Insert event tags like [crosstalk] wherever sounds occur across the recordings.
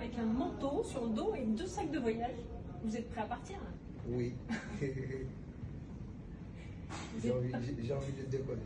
avec un manteau sur le dos et deux sacs de voyage. Vous êtes prêt à partir hein Oui. [laughs] j'ai envie, envie de décoller.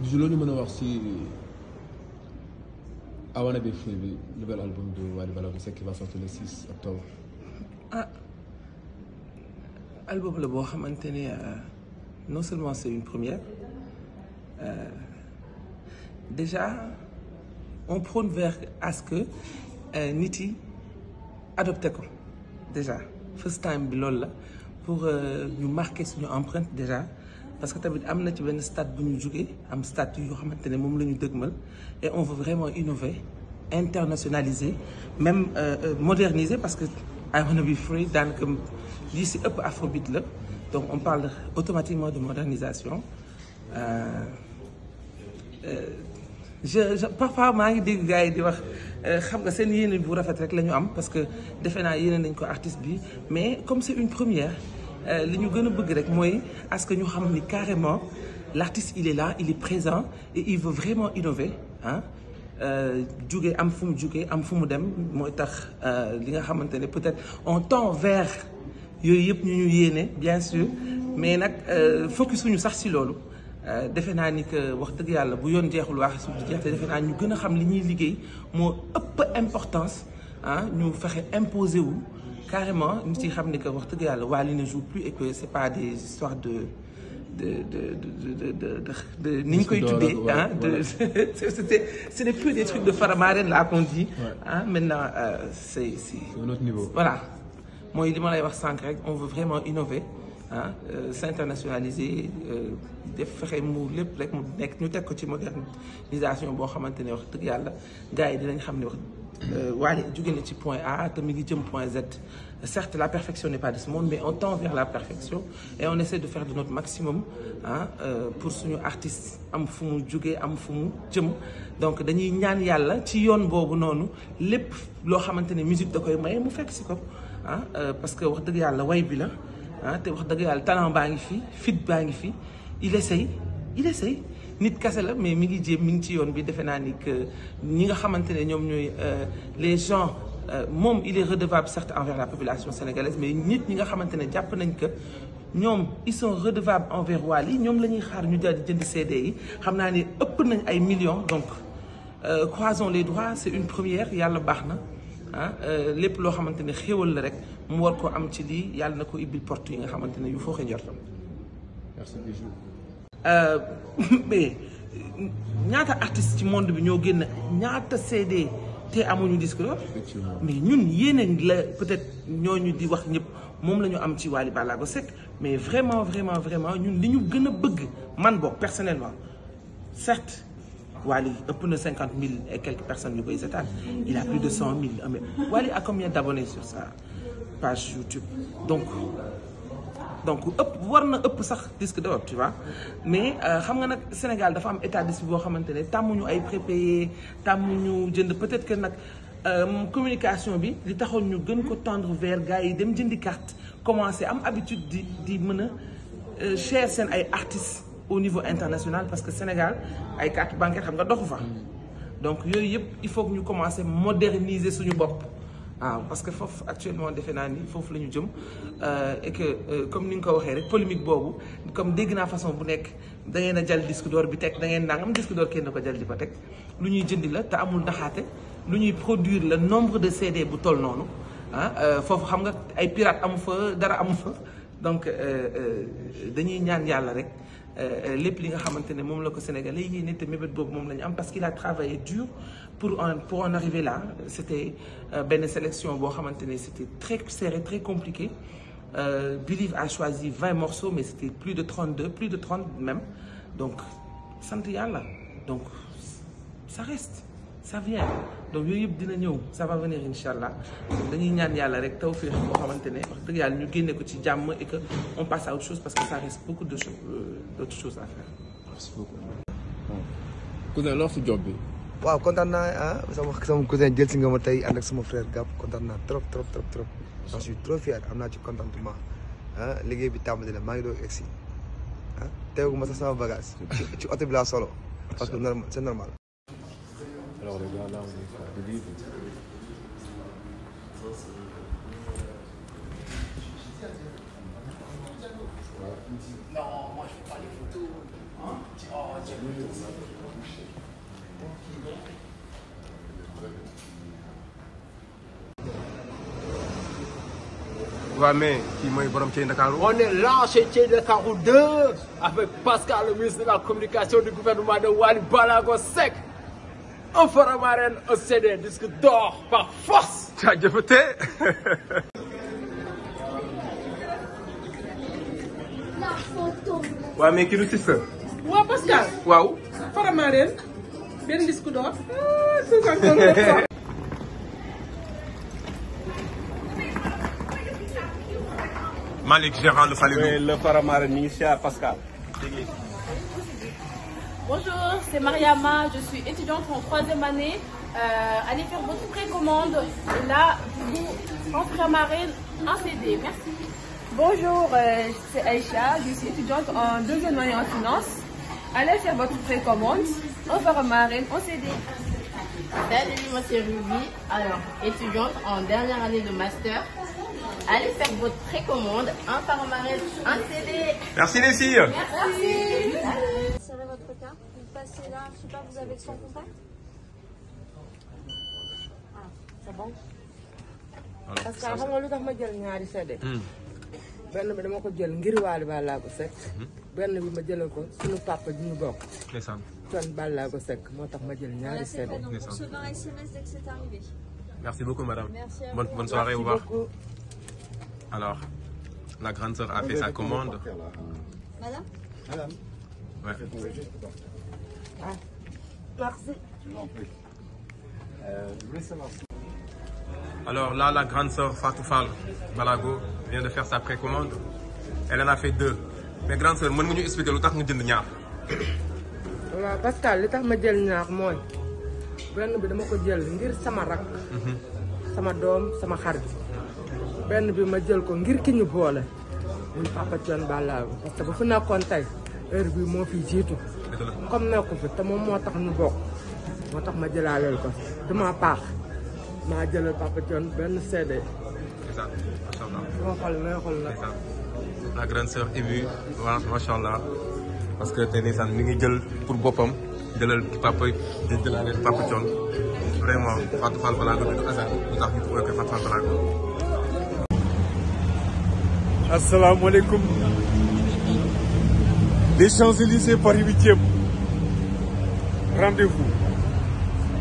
Bijou loolu ñu mën a wax si I Wanna Be Free bi nouvel album de Wally Ballago se ki va sortir le 6 octobre. ah album la boo xamante ne euh, non seulement c'est une première euh, déjà on prône à ce que euh, nit yi adopté ko déjà first time bi loolu la pour euh, ñu marque marquer suñu empreinte déjà. parce que tamit am na ci benn stade bu ñu jugee am stade yoo xamante ne moom la ñu dëgmal et on veut vraiment innover internationaliser même euh, euh, moderniser parce que I wanna be free daanaka lii si ëpp afrobeat la donc on parle automatiquement de modernisation euh, euh, je, je parfois maa ngi dégg gars yi di wax euh, xam nga seen yéene bu rafet rek la ñu am parce que defe naa yéene nañ ko artiste bi mais comme c'est une première Euh, li ñu gën a bëgg rek mooy à que ñu xam ni carrément l'artiste il est là il est présent et il veut vraiment innover ah jóge am fu mu jóge am fu mu dem mooy tax euh, li nga xamante ne peut-être on temps vers yooyu yëpp ñu ñu yéene bien sûr mais nag fokki suñu sax si loolu defe naa ni que wax dëgg yàlla bu yoon jeexul waax suuf di jeex te defe naa ñu gën a xam li ñuy liggéey moo ëpp importance ah ñu fexe imposer wu carrément ñu ciy xam ni que wax dëgg yàlla Wally ne joue plus et que c'est pas des histoires de ni ñu koy tuddee ah de [laughs] c'était ce n'est plus des trucs de Faramareen là qu'on dit ah maintenant euh, c'est c'est un autre mooy li ma wax sànq rek on veut vraiment innover ah s'internationaliser euh, de fexe mu lépp rek mu nekk ñu teg ko ci modernisation boo xamante ne wax dëgg yàlla gars yi dinañ xam ne wax Euh, Wally jóge na ci point A te mi ngi jëm point Z certes la perfection n'est pas de ce monde mais on tend vers la perfection et on essaie de faire de notre maximum ah pour suñu artiste am fu mu jóge am fu mu jëm donc dañuy ñaan yàlla ci yoon boobu noonu lépp loo xamante ne musique da koy maye mu fekk si ko ah parce que wax dëgg yàlla way bi la ah te wax dëgg yàlla talent baa ngi fi fit baa ngi fi il essaye il nit kese la mais mi ngi jéem mi ngi ci yoon bi defe naa ni que ñi nga xamante ne ñoom ñooy euh, les gens euh, moom il est vable certes envers la population sénégalaise mais nit ñi nga xamante ne jàpp nañ que ñoom ils sont redevables envers yi ñoom la ñuy xaar ñu daal di jënd CD yi xam naa ne ëpp nañ ay millions donc euh, croisons les doigts c'est une première yàlla baax na ah lépp loo xamante ne xéewal la rek mu war ko am ci lii yàlla na ko ibbil porte yi nga xamante ne yu fooxee njortam. Euh, [laughs] mais ñaata artiste ci monde bi ñoo génn ñaata CD te amuñu disque d'or mais ñun yéen la peut-être ñoo ñu di wax ñëpp moom la am ci Wally Ballago Seck mais vraiment vraiment vraiment ñun li ñu gën a bëgg man boog personnellement certes Wally ëpp na cinquante mille et quelques personnes yu koy seetaan il a plus de cent mille mais Wally a combien d'abonnés sur sa page YouTube donc donc ëpp war na ëpp sax disque d'or tu vois mais euh, xam nga nag Sénégal dafa am état d'esprit boo xamante ne tàmmuñu ay prépayé tàmmuñu jënd peut-être que nag euh, communication bi li taxoon ñu gën ko tendre vers gars yi dem jëndi carte commencer am habitude di di mën a cher euh, seen ay artistes au niveau international parce que Sénégal ay carte bancaire xam nga doxu fa mm. donc yooyu yëpp il faut que ñu commencer moderniser suñu bopp waaw parce que foofu actuellement defe naa ni foofu la ñu jëm euh, et euh, comme ni nga ko waxee rek polémique boobu comme dégg naa façon bu nekk da ngeen a jël disque d'or bi teg da ngeen nangam disque d'or kenn ko jël di ko teg lu ñuy jëndi la te amul ndaxaate lu ñuy produire la nombre de CD bu toll noonu ah euh, foofu xam nga ay pirate amu fa dara amu fa donc euh, euh, dañuy ñaan yàlla rek euh, lépp li nga xamante ne moom la ko Sénégalais yi nit te mébét boobu moom la ñu parce qu'il a travaillé dur pour en pour en arriver là c'était benn sélection boo xamante ne c'était très serré très compliqué Believe a choisi 20 morceaux mais c'était plus de 32 plus de 30 même donc sant yàlla donc ça reste ça vient donc yooyu yëpp dina ñëw ça va venir incha allah dañuy ñaan yàlla rek fi boo xamante ne wax dëgg yàlla ñu génne ko ci jàmm et que on passe à autre chose parce que ça reste beaucoup de euh, choses d'autres à faire. cousin loo fi job bi. waaw kontaan na ah sama sama cousin jël si nga ma tey ànd ak sama frère Gap kontaan na trop trop trop trop. je suis trop fier am naa ci contentement ah liggéey bi tàmbali na maa ngi doog egsi ah teewu ma sax sama bagage. [laughs] ci oto bi la solo. parce que normal c'est Alors les gars, là, on est sur le livre. on est là chez Thiey Ndakaaru 2 avec Pascal le de la communication du gouvernement de Waly Balago Seck. un Faramareen un CD disque d'or par waaw mais kii du Cissé. Pascal. waaw. Faramareen benn disque d'or. ah Malick gérant le Pascal. Bonjour, c'est Mariama, je suis étudiante en troisième année. Euh, allez votre précommande et vous programmerez un Bonjour, euh, c'est Aïcha, je suis étudiante en deuxième année en finance. Allez votre précommande, on en CD. Salut, moi étudiante en dernière année de master. Allez votre précommande, un Merci les passer là Je ah, parce que xam nga lu tax ma jël ñaari seede. Hmm. benn bi dama ko jël ngir Wally Ballago Seck. Hmm. benn bi ma jëlal ko suñu papa ji ñu bokk. ndeysaan. kon Ballago Seck moo tax ma jël ñaari seede. ndeysaan on se voit SMS dès merci beaucoup madame. merci bonne bonne soirée au la grande sœur a fait sa commande. Euh, madame. madame. Hein? Merci. Je vous en prie. Euh, je voulais savoir la grande de faire sa précommande. Elle en a fait deux. mais grande sœur mën nga ñu expliquer lu tax nga jënd ñaax waaw Pascal li tax ma jël ñaar mooy benn bi dama ko jël ngir sama rak. Mhm. sama doom sama xarit. benn bi ma jël ko ngir ki ñu boole. muy Papa Thione Ballago parce que bu fi nekkoon tey heure bi moo fi jiitu comme nekku fi te moom moo tax nu bokk moo tax ma jëlaaleel ko dama paax maa jëlal Papa Thione benn CD moo xol nay xol na la grande allah parce que tey ndeysaan mi ngi jël pour boppam jëlal papa jëlaaleel vraiment Fatou Fall Balago du hasard lu tax ñu tuddee ko Fatou Fall Balago asalaamaaleykum des Champs-Élysées Paris huitième rendez-vous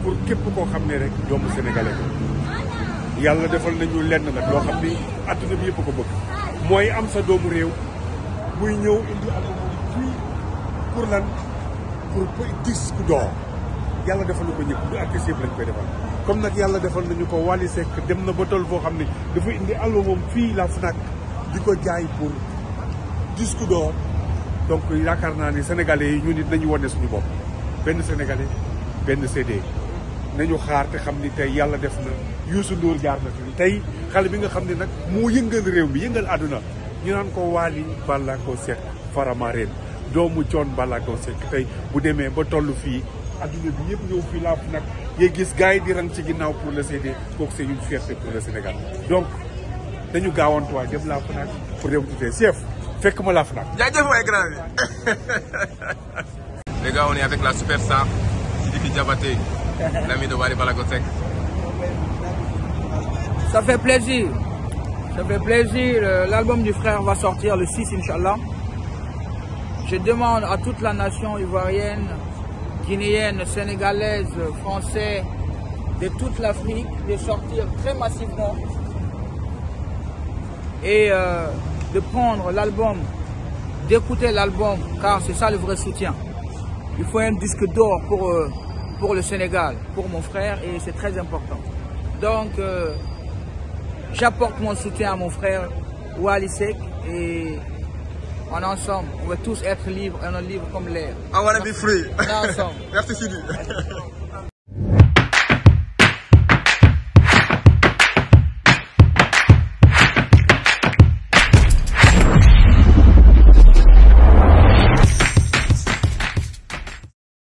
pour képp koo xam ne rek doomu sénégalais ko yàlla defal nañu lenn la loo xam ni adduna bi yëpp ko bëgg mooy am sa doomu réew muy ñëw indi alkooli fii pour lan pour disque d'or yàlla defal na ko ñëpp du artiste yëpp lañ koy defal comme nag yàlla defal nañu ko Wally Seck dem na ba toll foo xam ne dafa indi album moom fii la FNAC di ko jaay pour disque d'or donc yaakaar naa ni sénégalais yi ñu nit nañu wane suñu bopp benn sénégalais benn CD nañu xaar te xam ni tey yàlla def na Youssou Ndour jaar na fi tey xale bi nga xam ne nag moo yëngal réew mi yëngal àdduna ñu naan ko waal Waly Ballago Seck Faramareen doomu Thione Ballago Seck tey bu demee ba toll fii adduna bi yëpp ñëw fii laaf nag yéen gis gars yi di rang ci ginnaaw pour le CD kooku c'est une fierté pour le Sénégal donc dañu gaawantuwaay dem laa fekk ma la FNAC. jaajëf waay grand bi. [laughs] les gars on est avec la superstar Sidiki Diabaté l'ami de Wally Ballago Seck. ça fait plaisir ça fait plaisir euh, l'album du frère va sortir le 6 inchallah je demande à toute la nation ivoirienne guinéenne sénégalaise française de toute l'Afrique de sortir très massivement et euh, de prendre l'album, d'écouter l'album, car c'est ça le vrai soutien. Il faut un disque d'or pour, euh, le Sénégal, pour mon frère, et c'est très important. Donc, euh, j'apporte mon soutien à mon frère Walisek et en ensemble, tous être libres, on est comme l'air. Ah, voilà, be free. En ensemble. [laughs] Merci Sidi. [laughs]